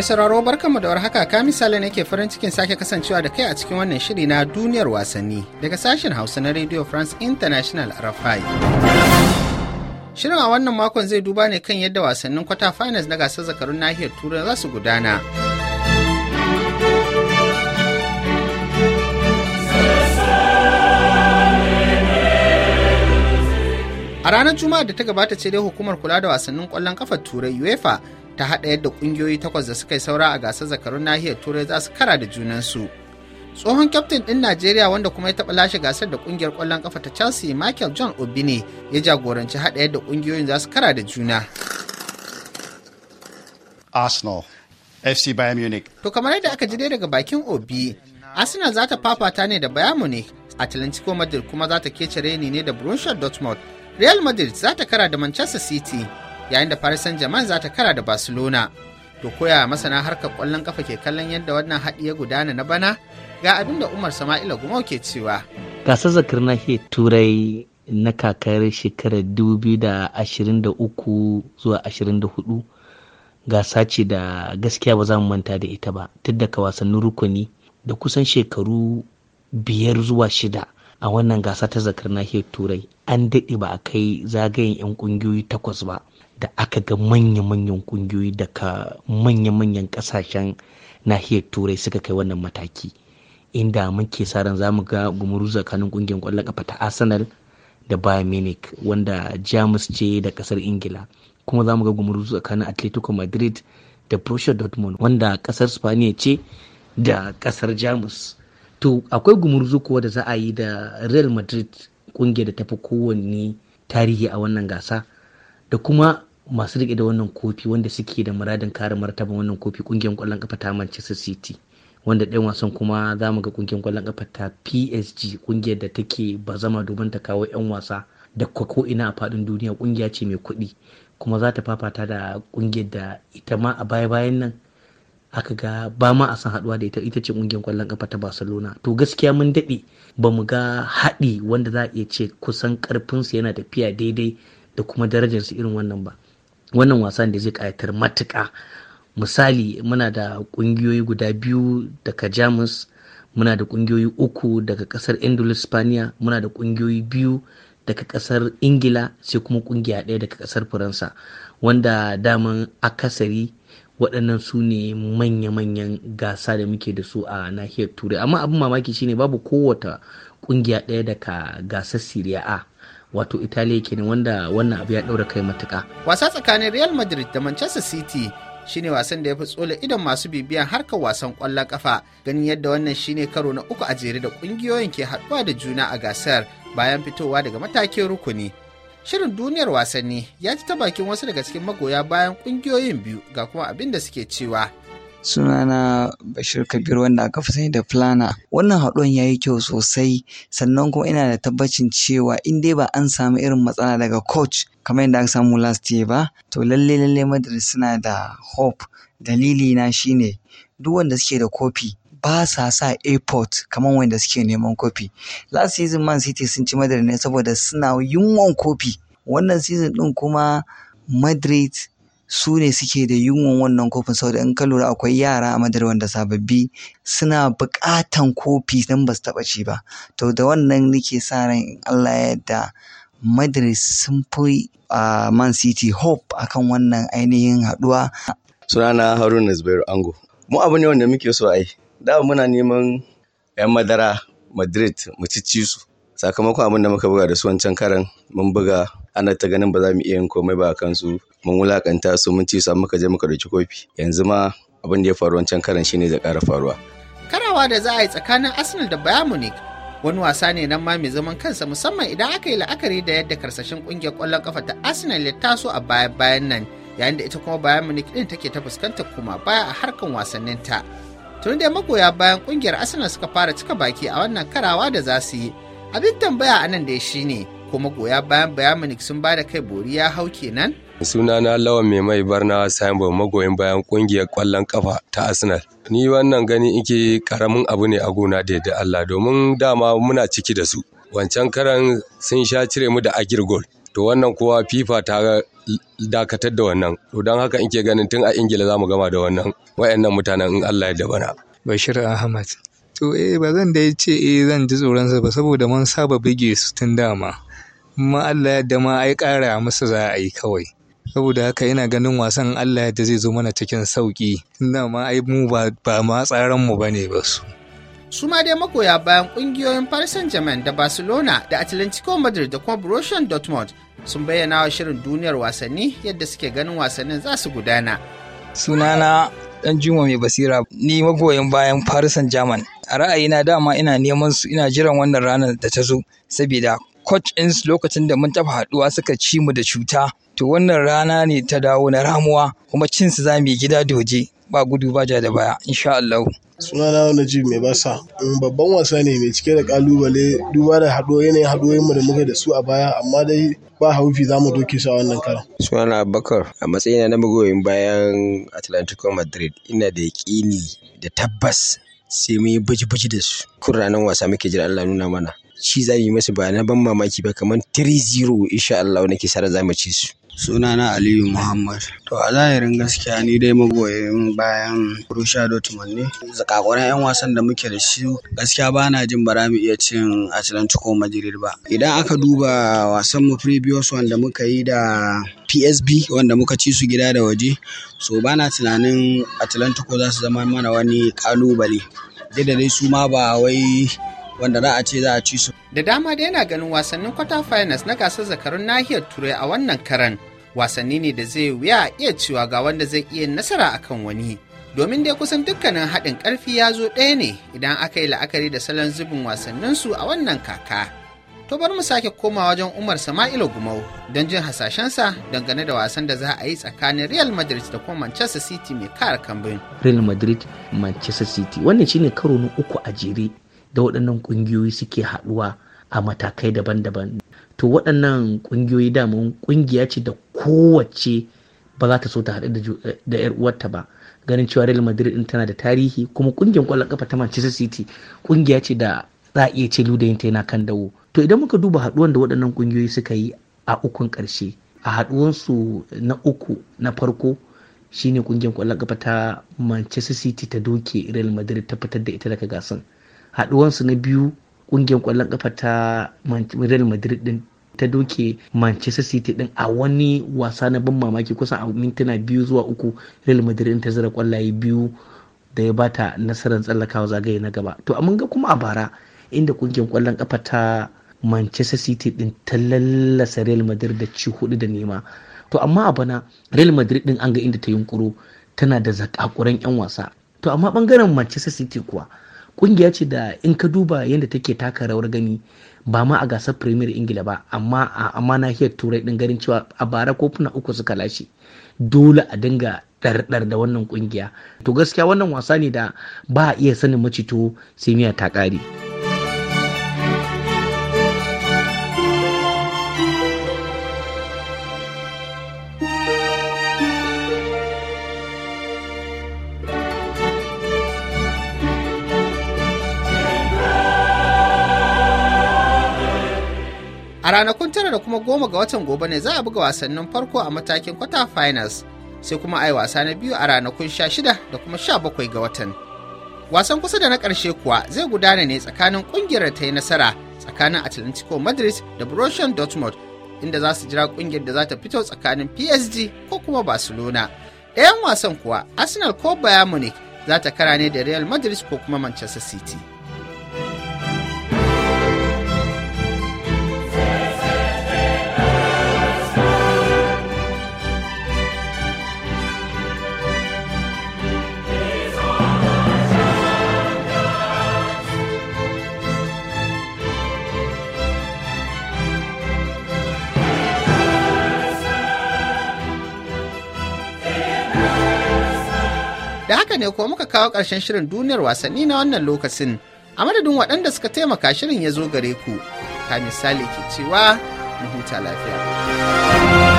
Mai sauraro barkanmu da warhaka ka misali ne ke farin cikin sake kasancewa da kai a cikin wannan shiri na duniyar wasanni daga sashen Hausa na Radio France International RFI. Shirin a wannan makon zai duba ne kan yadda wasannin kwata finals na gasar zakarun nahiyar Turai za su gudana. A ranar Juma'a da ta gabata ce dai hukumar kula da wasannin kwallon kafa Turai UEFA ta haɗa yadda ƙungiyoyi takwas da suka yi saura a gasar zakarun nahiyar turai za su kara da junansu tsohon kyaftin ɗin najeriya wanda kuma ya taɓa lashe gasar da ƙungiyar ƙwallon ƙafa ta chelsea michael john ne, ya jagoranci haɗa yadda ƙungiyoyin za su kara da juna arsenal fc bayern munich to kamar yadda aka ji dai daga bakin obi arsenal za ta fafata ne da bayern munich atlantico madrid kuma za ta kece reni ne da borussia dortmund real madrid za ta kara da manchester city yayin da Paris Saint-Germain za ta kara da Barcelona. To koya masana harkar kwallon kafa ke kallon yadda wannan haɗi ya gudana na bana ga abin da Umar Sama'ila Gumau ke cewa. Gasar zakar nahiyar Turai na kakar shekarar 2023 zuwa 24 gasa ce da gaskiya ba za mu manta da ita ba tun daga wasannin rukuni da kusan shekaru biyar zuwa shida a wannan gasa ta zakar nahiyar turai an daɗe ba a kai zagayen 'yan ƙungiyoyi takwas ba da aka ga manya-manyan ƙungiyoyi daga manya-manyan ƙasashen nahiyar turai suka kai wannan mataki inda muke sa ran zamu ga gumuru tsakanin ƙungiyar ƙwallon ƙafa ta arsenal da bayern munich wanda jamus ce da ƙasar ingila kuma zamu ga gumuru tsakanin atletico madrid da borussia dortmund wanda ƙasar spaniya ce da ƙasar jamus to akwai gumurzu kuwa da za a yi da real madrid kungiyar da tafi kowanne tarihi a wannan gasa da kuma masu rike da wannan kofi wanda suke da muradin kare martaban wannan kofi kungiyar kwallon kafa ta manchester city wanda ɗan wasan kuma za mu ga kungiyar kwallon kafa ta psg kungiyar da take bazama domin ta kawo 'yan wasa da kwako ina a faɗin duniya kungiya ce mai kuɗi kuma za ta fafata da kungiyar da ita ma a baya-bayan nan aka ga ba ma a san haduwa da ita ita ce kungiyar kwallon kafa ta Barcelona to gaskiya mun daɗe ba mu ga haɗi wanda za a iya ce kusan karfin su yana tafiya daidai da kuma darajar su irin wannan ba wannan wasan da zai kayatar matuka, misali muna da kungiyoyi guda biyu daga Jamus muna da kungiyoyi uku daga kasar Indulus Spaniya muna da kungiyoyi biyu daga kasar Ingila sai kuma kungiya ɗaya daga kasar Faransa wanda daman akasari waɗannan su ne manya-manyan gasa da muke da su a nahiyar turai amma abin mamaki shine babu kowata ƙungiya ɗaya daga gasar siriya a wato italiya kenan wanda wannan abu ya ɗaura kai matuka. wasa tsakanin real madrid da manchester city shine wasan da ya fi tsola idon masu bibiyan harkar wasan kwallon kafa ganin yadda wannan shine karo na uku a jere da ƙungiyoyin ke haɗuwa da juna a gasar bayan fitowa daga matakin rukuni Shirin duniyar wasanni ya ci ta bakin wasu daga cikin magoya bayan ƙungiyoyin biyu ga kuma abin da suke cewa. sunana bashir kabir wanda aka fi sani da plana wannan haɗuwan ya yi kyau sosai sannan kuma ina da tabbacin cewa in dai ba an samu irin matsala daga coach kamar yadda aka samu last year ba to lalle lalle madrid suna da hope dalili na shine duk wanda suke da kofi ba sa sa airport kamar wanda suke neman kofi. Last season Man City sun ci Madrid ne saboda suna yunwan kofi. Wannan season ɗin kuma Madrid su ne suke da yunwan wannan kofin saboda in ka lura akwai yara a madar wanda sababbi suna buƙatan kofi don ba su taɓa ci ba to da wannan nake sa ran in Allah ya yarda Madrid sun fi Man City hope akan wannan ainihin haɗuwa sunana Haruna Zubairu Ango mu abu ne wanda muke so yi da muna neman 'yan madara Madrid mu cicci su. Sakamakon abin da muka buga da su wancan karan mun buga ana ta ganin ba za mu iya yin komai ba a kansu mun wulakanta su mun ci su muka je muka dauki kofi yanzu ma abin da ya faru wancan karan shine zai ƙara faruwa. Karawa da za a yi tsakanin Arsenal da Bayern Munich wani wasa ne nan ma mai zaman kansa musamman idan aka yi la'akari da yadda karsashin kungiyar kwallon kafa ta Arsenal ya taso a baya-bayan nan yayin da ita kuma Bayern Munich din take ta fuskantar kuma baya a harkan wasanninta. tun da magoya bayan kungiyar arsenal suka fara cika baki a wannan karawa da za su yi abin tambaya a nan da ya shine ko magoya bayan bayan sun ba da kai bori ya hau kenan sunana lawan mai mai barna simon magoyin bayan kungiyar kwallon kafa ta arsenal ni wannan gani ike karamin abu ne a gona da yadda allah domin dama muna ciki da su wancan karan sun sha cire mu da agir goal to wannan kuwa FIFA ta dakatar da wannan to don haka in ke ganin tun a ingila za mu gama da wannan wayannan mutanen in allah ya bana. bashir ahmad to eh ba zan da ce eh zan ji tsoronsa ba saboda mun saba bige su tun dama Kuma allah ya ma ai kara musu za a yi kawai saboda haka ina ganin wasan allah ya zai zo mana cikin sauki tun dama ai mu ba ma tsaron mu bane ba su su ma dai magoya bayan kungiyoyin Paris Saint-Germain da Barcelona da Atlantico Madrid da kuma Borussia Dortmund sun bayyana wa shirin duniyar wasanni yadda suke ganin wasannin za su gudana. Sunana dan Juma mai basira ni magoyan bayan Paris Saint-Germain. A ra'ayina dama ina neman su ina jiran wannan ranar da ta zo saboda coach ins lokacin da mun taba haɗuwa suka ci mu da cuta to wannan rana ne ta dawo na ramuwa kuma cin su za mu gida doje ba gudu ba ja da baya insha Allah Najib mai basa mm, babban wasa ne mai cike da kalubale duba da haɗo yanayin haɗoyin mu da muka da su a baya amma dai ba haufi za mu doke sa a wannan karan sunana Abubakar a matsayina na magoyin bayan Atlantico Madrid ina da yaƙini da tabbas sai mun yi buji da su kun ranar wasa muke jira Allah nuna mana shi za mu yi masu ba na ban mamaki ba kamar 3-0 insha Allah nake sara za mu ci su Sunana Aliyu Muhammad. To a zahirin gaskiya ni dai magoyin bayan Borussia Dortmund ne. Zakakuran 'yan wasan da muke da shi gaskiya ba na jin bara mu iya cin Atlantico Madrid ba. Idan aka duba wasan mu previous wanda muka yi da PSB wanda muka ci su gida da waje, so ba na tunanin Atlantiko za su zama mana wani kalubale. Dai da dai su ma ba wai wanda za a ce za a ci su. Da dama da yana ganin wasannin kwata finals na gasar zakarun nahiyar Turai a wannan karan wasanni ne da zai wuya a iya cewa ga wanda zai iya nasara a kan wani domin dai kusan dukkanin haɗin ƙarfi ya zo ɗaya ne idan aka yi la'akari da salon zubin wasanninsu a wannan kaka to bar mu sake koma wajen umar sama'ila gumau don jin hasashensa dangane da wasan da za a yi tsakanin real madrid da kuma manchester city mai kara kambin real madrid manchester city wannan shine karo na uku a jere da waɗannan ƙungiyoyi suke haɗuwa a matakai daban-daban to waɗannan ƙungiyoyi damun ƙungiya ce da kowace ba za ta so ta haɗu da yar eh, uwarta ba ganin cewa Real Madrid din tana da tarihi kuma kungiyar kwallon kafa ta Manchester City kungiya ce da za a iya ce ludayinta yana kan dawo to idan muka duba haɗuwan da waɗannan kungiyoyi suka yi a ukun ƙarshe a haɗuwansu na uku na farko shine kungiyar kwallon kafa ta Manchester City ta doke Real Madrid ta fitar da ita daga gasan haɗuwansu na biyu kungiyar kwallon kafa ta Real Madrid din ta doke manchester city din a wani wasa na ban mamaki kusan a mintuna biyu zuwa uku real madrid ta zira kwallaye biyu da ya bata nasarar tsallakawa zagaye na gaba to amma ga kuma a bara inda kungiyar kwallon kafa ta manchester city din ta lallasa real madrid da ci hudu da nema to amma a bana real madrid din an ga inda ta yunkuro tana da zakakuran yan wasa to amma bangaren manchester city kuwa kungiya ce da in ka duba yadda take taka rawar gani ba ma a gasar premier ingila ba amma a amma nahiyar turai din garin cewa a bara kofuna uku suka lashe dole a dinga ɗarɗar da wannan kungiya to gaskiya wannan wasa ne da ba a iya sanin macito sai miya ta ƙare. A ranakun tara da kuma goma ga watan gobe ne za a buga wasannin farko a matakin kwata finals sai kuma a yi wasa na biyu a ranakun sha shida da kuma sha bakwai ga watan. Wasan kusa da na ƙarshe kuwa zai gudana ne tsakanin ƙungiyar da ta yi nasara tsakanin Atlantico Madrid da Borussia Dortmund inda za su jira ƙungiyar da za ta fito tsakanin PSG ko kuma Barcelona. Ɗayan wasan kuwa Arsenal ko Bayern Munich za ta kara ne da Real Madrid ko kuma Manchester City. da haka ne ko muka kawo ƙarshen shirin duniyar wasanni na wannan lokacin a madadin waɗanda suka taimaka shirin ya zo gare ku ka misali ke cewa mu huta lafiya